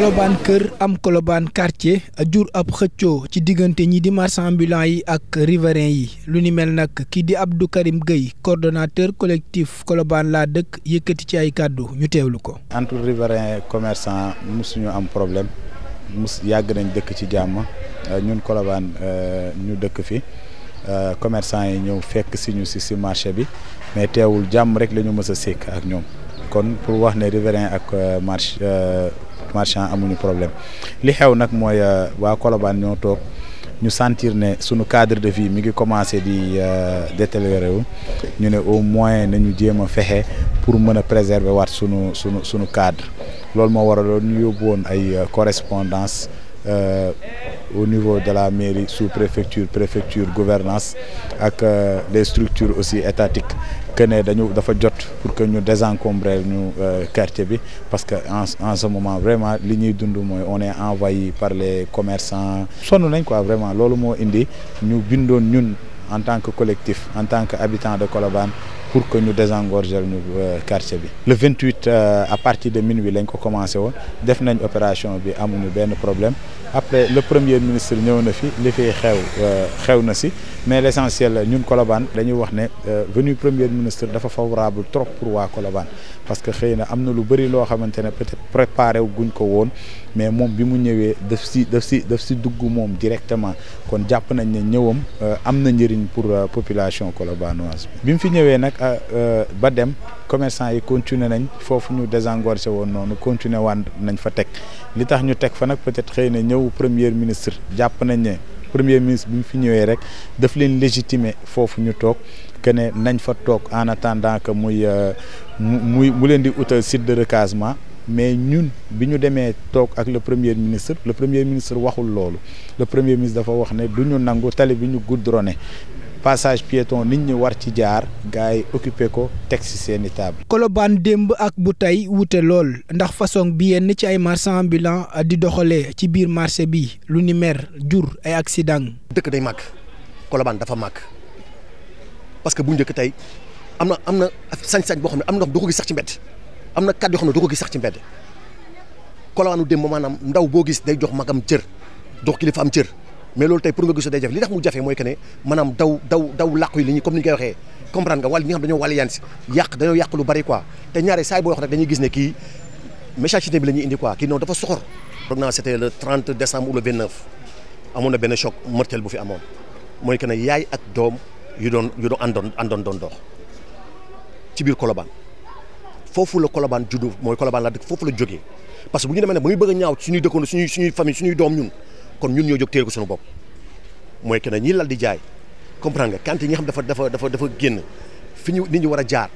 Colobane kër am Colobane quartier jur ab xëccoo ci diggante ñi di marchand ambulant yi ak riverain yi lu ni mel nag kii di Abdou Karim Gueye coordonnateur collectif Colobane laa dëkk yëkkati ci ay kàddu ñu teewlu ko. entre riverain commerçant mosuñu am problème mus yàgg nañ dëkk ci jàmm euh, ñun Colobane euh, ñu dëkk fi euh, commerçant yi ñëw fekk si ñu si si marché bi mais teewul jàmm rek la ñu mës a sékk ak ñoom kon pour wax ne riverain ak marché. marchand amuñu problème li xew nag mooy euh, waa Colobane ñoo toog ñu sentir ne suñu cadre de vie mi ngi commencé di euh, détérioré wu ñu ne au moins nañu jéem a fexe pour mën a préserver waat sunu sunu suñu cadre loolu moo waraloon ñu yóbbu woon ay euh, correspondance au niveau de la mairie sous préfecture préfecture gouvernance ak les structures aussi étatiques que ne dañu dafa jot pour que ñu désencombrer ñu euh, quartier bi parce que en en ce moment vraiment li ñuy dund mooy on est envahi par les commerçants sonn nañ quoi vraiment loolu moo indi ñu bindoon ñun en tant que collectif en tant que habitant de Colobane pour que ñu désengorger ñu euh, quartier bi le 28 euh, à partir de minuit lañ ko commencé woon def nañ opération bi amuñu benn problème après le premier ministre ñëw na fi li fiy xew euh, xew na si mais l' ñun Colobane dañuy wax ne venu premier ministre dafa favorable trop pour waa Colobane parce que xëy na am na lu bëri loo xamante ne peut-être préparé wu guñ ko woon mais moom bi mu ñëwee def si daf si daf si dugg moom directement kon jàpp nañ ne ñëwam am na njëriñ pour population colobanoise Ah, euh, ba dem commerçant yi continuer nañ foofu ñu désengorgé woon noonu continuer waan nañ fa teg li tax ñu teg fa nag peut-être xëy na ñëw premier ministre jàpp nañ ne premier ministre bi mu fi ñëwee rek daf leen légitimer foofu ñu toog que ne nañ fa toog en attendant que muy euh, muy mu leen di utal site de recasement mais ñun bi ñu demee toog ak le premier ministre le premier ministre waxul loolu le premier ministre dafa wax ne du ñu nangu tali bi ñu goudronné passage piéton nit ñi war ci jaar gars yi occupé ko teg ci seeni table. Colobane démb ak bu tey wute lool ndax façon bi yenn ci ay marchands ambulants di doxalee ci biir marché bi lu ni jur ay accident. dëkk day màgg Colobane dafa màgg parce que bu njëkk tey am na am na sañ-sañ boo xam ne am na du ko gis sax ci mbedd am na kàddu yoo xam ne du ko gis sax ci mbedd Colobane démb maanaam ndaw boo gis day jox magam cër jox kilifa am cër. mais loolu tey pour nga gis day jafe li tax mu jafe mooy que ne maanaam daw daw daw làqu yi li comme ni ñu koy waxee comprendre nga wàll ñi nga xam dañoo wàll yaan si yàq dañoo yàq lu bari quoi te ñaare saay boo wax rek dañuy gis ne kii méchanceté bi la ñuy indi quoi kii noonu dafa soxor foog naa c'était le 30 décembre ou le 29 amoon na benn choc mortel bu fi amoon mooy que ne yaay ak doom yu doon yu doon àndoon àndoon doon dox ci biir Colobane foofu la a ñaaw suñuy dëkkoon suñuy suñuy suñuy doom ñun kon ñun ñoo jóg téye ko suñu bopp mooy que ne ñii lal di jaay comprendre nga quantité yi nga xam dafa dafa dafa dafa génn fi ñu nit ñi war a jaar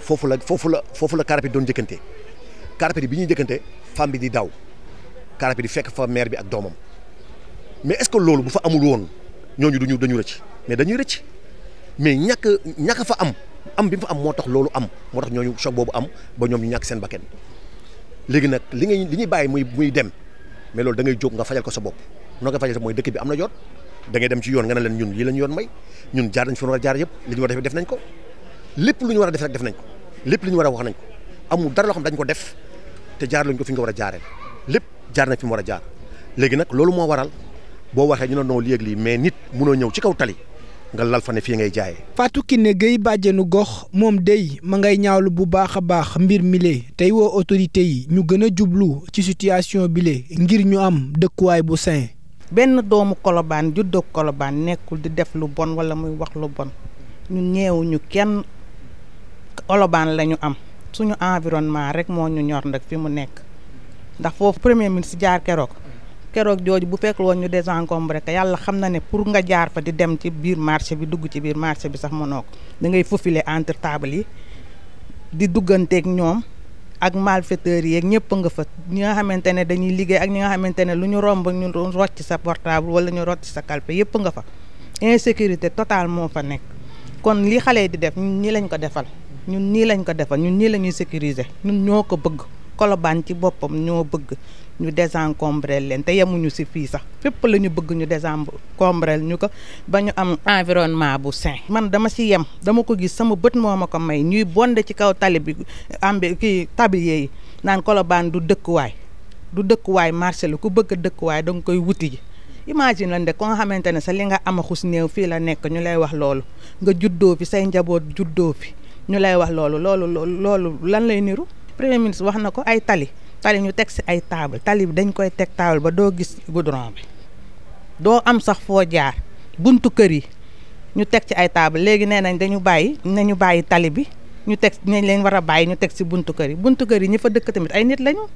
foofu la foofu la foofu la carapet doon jëkkante carapet bi ñuy jëkkante femme bi di daw carapet di fekk fa mère bi ak doomam mais est-ce que loolu bu fa amul woon ñooñu duñu dañu rëcc mais dañuy rëcc mais ñakk ñàkk fa am am bi mu fa am moo tax loolu am moo tax ñooñu choc boobu am ba ñoom ñu ñàkk seen bakken léegi nag li ngay li ñuy bàyyi muy muy dem mais loolu da ngay jóg nga fajal ko sa bopp noo koy fajee mooy dëkk bi am na yoon da ngay dem ci yoon nga leen ñun lii la ñu yoon may ñun jaar nañ fi war a jaar yëpp li ñu war a def def nañ ko lépp lu ñu war a def def nañ ko lépp lu war a wax nañ ko amul dara loo xam dañ ko def te jaar luñ ko fi ñu war a jaaree lépp jaar nañ fi mu war a jaar léegi nag loolu moo waral boo waxee ñu ne non lii ak lii mais nit mënoo ñëw ci kaw tali nga lal fa ne fii ngay jaayee. Fatou Kiné Gueye bàjjenu gox moom dey ma ngay ñaawlu bu baax a baax mbir mile tey woo autorité ñu gën a jublu ci situation bile ngir ñu am dëkkuwaay bu sain. benn doomu kolobaan juddoo kolobaan nekkul di def lu bon wala muy wax lu bon ñu ñeewuñu kenn kolobaan la ñu am suñu environnement rek moo ñu ñor nag fi mu nekk ndax foofu premier ministre jaar keroog keroog jooju bu fekk woon ñu désencombré ko yàlla xam na ne pour nga jaar fa di dem ci biir marché bi dugg ci biir marché bi sax mënoo ko da ngay faufiler entre table yi di dugganteeg ñoom ak malfaiteurs yi yeeg ñëpp nga fa ñi nga xamante ne dañuy liggéey ak ñi nga xamante ne lu ñu romb ñu rocc sa portable wala ñu rocc sa kalpe yëpp nga fa insécurité totale moo fa nekk kon li xale yi di def ñun nii lañ ko defal ñun nii lañ ko defal ñun nii la ñuy sécuriser ñun ñoo ko bëgg Colobane ci boppam ñoo bëgg ñu désencombrel leen te yemuñu si fii sax fépp la ñu bëgg ñu désencombrel ñu ko ba ñu am environnement bu sain man dama si yem dama ko gis sama bët moo ma ko may ñuy bonde ci kaw tali bi ambi kii tablier yi naan Colobane du dëkkuwaay du dëkkuwaay marché la ku bëgg a dëkkuwaay da nga koy wuti ji imagine la de ko nga xamante ne sax li nga ama xus néew fii la nekk ñu lay wax loolu nga juddoo fi say njaboot juddoo fi ñu lay wax loolu loolu loolu lan lay niru premier wax na ko ay tali tali ñu teg si ay table tali bi dañ koy teg table ba doo gis goudron bi doo am sax foo jaar buntu kër yi ñu teg ci ay table léegi nee nañ dañu bàyyi nañu bàyyi tali bi ñu teg nañ leen war a bàyyi ñu teg si buntu kër yi buntu kër yi ñi fa dëkk tamit ay nit lañu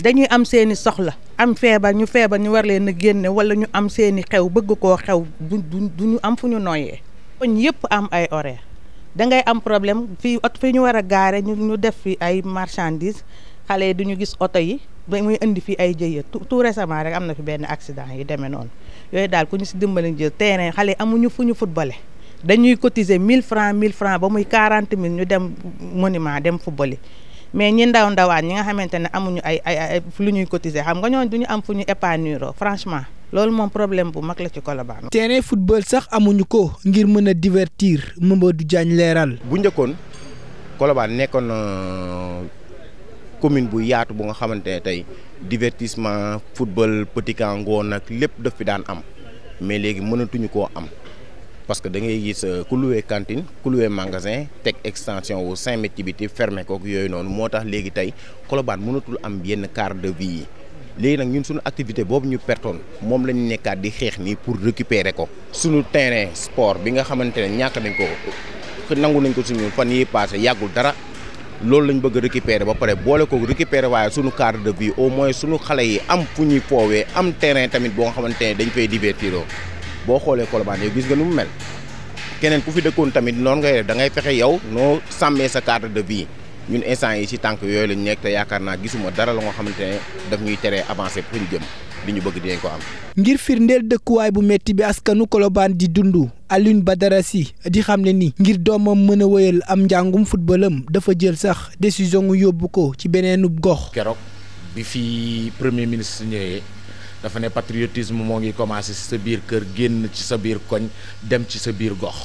dañuy am seeni soxla am feebar ñu feebar ñu war leen a génne wala ñu am seeni xew bëgg koo xew du du ñu am fu ñu noyyee. koñ yëpp am ay horaire da ngay am problème fii ot fi ñu war a gaare ñu ñu def fi ay marchandises. xale yi du ñu gis oto yi ba muy indi fii ay jëye tout récemment rek am na fi benn accident yu demee noonu yooyu daal ku ñu si dimbali jël terrain xale yi amuñu fu ñu footballé dañuy cotiser mille francs mille francs ba muy 40 000 ñu dem monument dem football yi mais ñi ndaw ndawaan ñi nga xamante ne amuñu ay ay ay lu ñuy cotiser xam nga ñoo ñooñu ñu am fu ñu épanouir franchement loolu moom problème bu mag la ci Colobane. terrain football sax amuñu ko ngir mën a divertir Mamadou Diagne leeral. bu njëkkoon Colobane nekkoon. Euh, commune bu yaatu bu nga xamante ne tey divertissement football petit camp ngoon nag lépp daf fi daan am mais léegi mënatuñu koo am parce que da ngay gis euh, ku loué cantine ku magasin teg extension wu 5 mètres ci fermé kook yooyu noonu moo tax léegi tey Colobane mënatul am yenn quart de vie yi léegi nag ñun suñu activité boobu ñu pertoon moom lañu nekkaat di xeex nii pour récupérer ko suñu terrain sport bi nga xamante ne ñàkk nañ ko nangu nañ ko suñu fan yi passé yàggul dara loolu lañ bëgg récupérer ba pare boole ko récupérer waaye suñu cadre de vie au moins suñu xale yi am fu ñuy foowee am terrain tamit boo nga xamante ne dañ fay divertiroo boo xoolee Colobane yow gis nga nu mu mel keneen ku fi dëkkoon tamit noonu ngay def da ngay fexe yow noo sàmmee sa cadre de vie ñun instant yi ci tànk yooyu lañ nekk te yaakaar naa gisuma dara la nga xamante ne daf ñuy tere avancer fu ñu jëm li ñu bëgg dinañ ko ngir firndeel dëkkuwaay bu metti bi askanu kolobaan di dund ba dara si di xam ne ni ngir doomam mën a wéyal am njàngum footballam dafa jël sax décision gu yóbbu ko ci beneenub gox. keroog bi fi premier ministre ñëwee dafa ne patriotisme moo ngi commencé ci sa biir kër génn ci sa biir koñ dem ci sa biir gox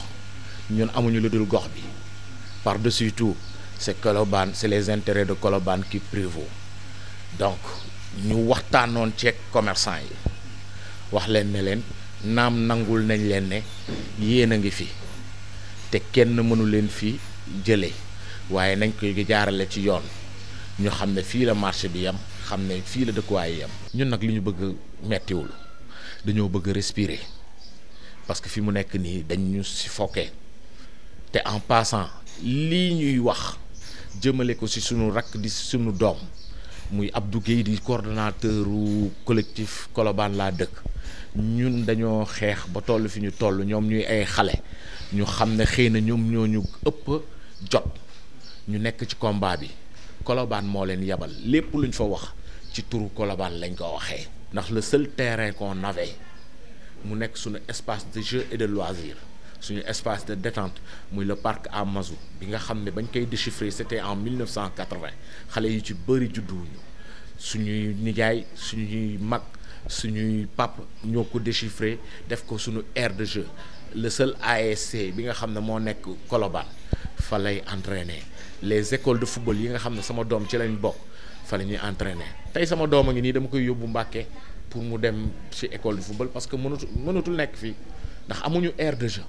ñun amuñu lu dul gox bi par de surtout c'est Colobane c'est les intérêts de kolobaan qui prévaut donc. ñu waxtaanoon ceeg commerçant yi wax leen ne leen naam nangul nañ leen ne yéen a ngi fi te kenn mënu leen fi jële waaye nañ koy jaarale ci yoon ñu xam ne fii la marché bi yam xam ne fii la dëkkuwaay yi yam ñun nag li ñu bëgg mettiwul dañoo bëgg respirer parce que fi mu nekk nii dañ ñu si fokkee te en passant lii ñuy wax jëmale ko si sunu rakk di sunu doom muy Abdou Guèye di coordonnateur collectif Colobane laa dëkk ñun dañoo xeex ba toll fi ñu toll ñoom ñuy ay xale ñu xam ne xëy na ñoom ñoo ñu ëpp jot ñu nekk ci combat bi Colobane moo leen yebal lépp luñ fa wax ci turu Colobane lañ ko waxee. ndax le seul terrain qu'on avait mu nekk sunu espace de jeu et de loisir. suñu espace de détente muy le parc à Mazou bi nga xam ne bañ koy déchiffrer c'était en 1980 xale yu ci bëri judduwuñu suñuy nijaay suñuy mag suñuy pap ñoo ko déchiffrer def ko suñu aire de jeu le seul ASC bi nga xam ne moo nekk Colobane fa lay entraîner les écoles de football yi nga xam ne sama doom ci lañ bokk fa la ñuy entraîner tey sama doom a ngi nii dama koy yóbbu Mbàkke pour mu dem ci école de football parce que mënatu mënatul nekk fii ndax amuñu aire de jeu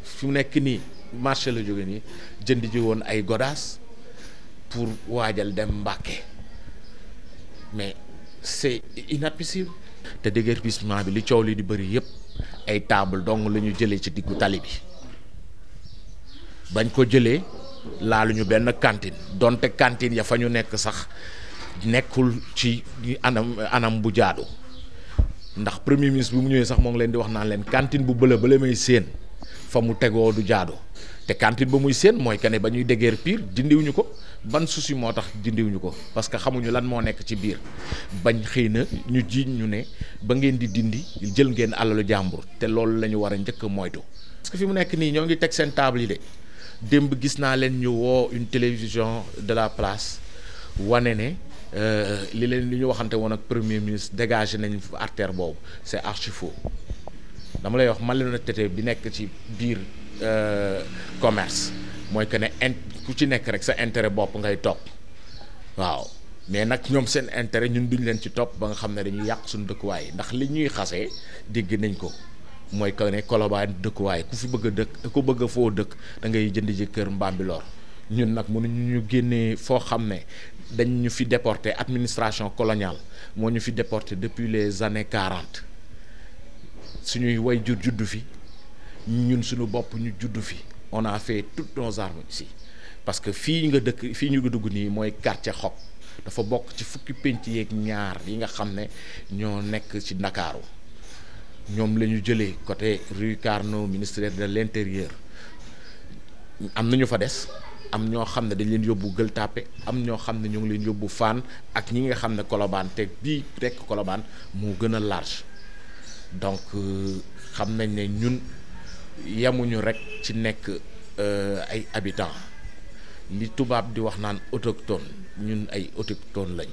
fi nekk nii marché la jóge nii jënd ji woon ay godaas pour waajal dem Mbàkke mais c'est inadmissible te déguerpissement bi li coow li di bëri yëpp ay table dong la ñu jëlee ci diggu tali bi bañ ko jëlee ñu benn cantine donte cantine ya fa ñu nekk sax nekkul ci anam anam bu jaadu ndax premier ministre bi mu ñëwee sax moo ngi leen di wax naa leen cantine bu bële bële may seen fa mu tegoo du jaadoo te cantine ba muy seen mooy kane ba ñuy dégeer piir dindiwuñu ko ban souci moo tax dindiwuñu ko parce que xamuñu lan moo nekk ci biir bañ xëy na ñu jiiñ ñu ne ba ngeen di dindi jël ngeen alalu jàmbur te loolu la ñu war a njëkk moytu. parce fi mu nekk nii ñoo ngi teg seen table yi de démb gis naa leen ñu woo une télévision de la place wane ne euh, li leen li ñu waxante woon ak premier ministre dégagé nañ artère boobu c'est archi faux dama lay wax malhonnêteté bi nekk ci biir euh, commerce mooy que ne in ku ci nekk rek sa intérêt bopp ngay topp waaw mais nag ñoom seen intérêt ñun duñ leen ci topp ba nga xam ne dañuy yàq suñu dëkkuwaay ndax li ñuy xasee dégg nañ ko mooy que ne Colobane dëkkuwaay ku fi bëgg dëkk ku bëgg foo dëkk da ngay jënd ji kër Mbambilor ñun nag mënuñu ñu génnee foo xam ne dañ ñu fi déporté administration coloniale moo ñu fi déporté depuis les années 40. suñuy woy jur juddu fi ñun suñu bopp ñu juddu fi on a fait toutes nos armes ici parce que fii nga dëkk fii ñu nga dugg nii mooy quartier xob dafa bokk ci fukki pénc yeeg ñaar yi nga xam ne ñoo nekk ci ndakaaru ñoom la ñu jëlee côté rue Carnot ministre de l'intérieur am na ñu fa des am ñoo xam ne dañ leen yóbbu Gueule Tapée am ñoo xam ne ñoo ngi leen yóbbu Fann ak ñi nga xam ne Colobane te bii rekk Colobane moo gën a large donc euh, xam nañ ne ñun yemuñu rek ci nekk euh, ay habitants li tubaab di wax naan autoctone ñun ay autochtone lañ